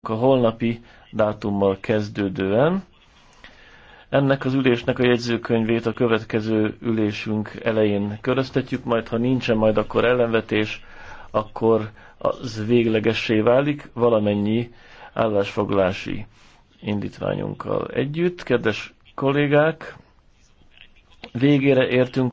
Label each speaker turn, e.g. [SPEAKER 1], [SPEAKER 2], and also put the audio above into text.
[SPEAKER 1] a holnapi dátummal kezdődően. Ennek az ülésnek a jegyzőkönyvét a következő ülésünk elején köröztetjük, majd ha nincsen majd akkor ellenvetés, akkor az véglegessé válik valamennyi állásfoglalási indítványunkkal együtt. Kedves kollégák,
[SPEAKER 2] végére értünk.